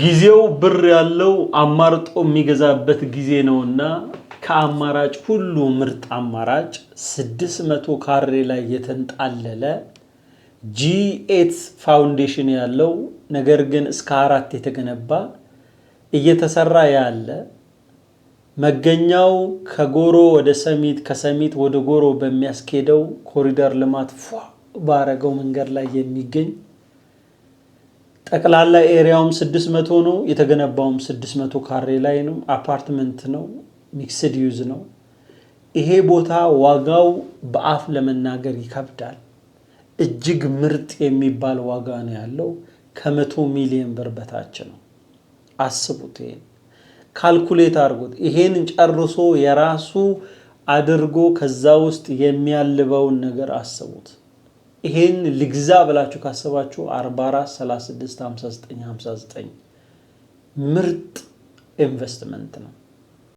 ጊዜው ብር ያለው አማርጦ የሚገዛበት ጊዜ ነውና ከአማራጭ ሁሉ ምርጥ አማራጭ 600 ካሬ ላይ የተንጣለለ ጂኤት ፋውንዴሽን ያለው ነገር ግን እስከ አራት የተገነባ እየተሰራ ያለ መገኛው ከጎሮ ወደ ሰሚት ከሰሚት ወደ ጎሮ በሚያስኬደው ኮሪደር ልማት ፏ ባረገው መንገድ ላይ የሚገኝ ጠቅላላ ኤሪያውም 600 ነው። የተገነባውም 600 ካሬ ላይ ነው። አፓርትመንት ነው። ሚክስድ ዩዝ ነው። ይሄ ቦታ ዋጋው በአፍ ለመናገር ይከብዳል። እጅግ ምርጥ የሚባል ዋጋ ነው ያለው። ከመቶ ሚሊዮን ብር በታች ነው። አስቡት። ይሄን ካልኩሌት አድርጉት። ይሄን ጨርሶ የራሱ አድርጎ ከዛ ውስጥ የሚያልበውን ነገር አስቡት። ይሄን ልግዛ ብላችሁ ካሰባችሁ 44 36 59 59 ምርጥ ኢንቨስትመንት ነው።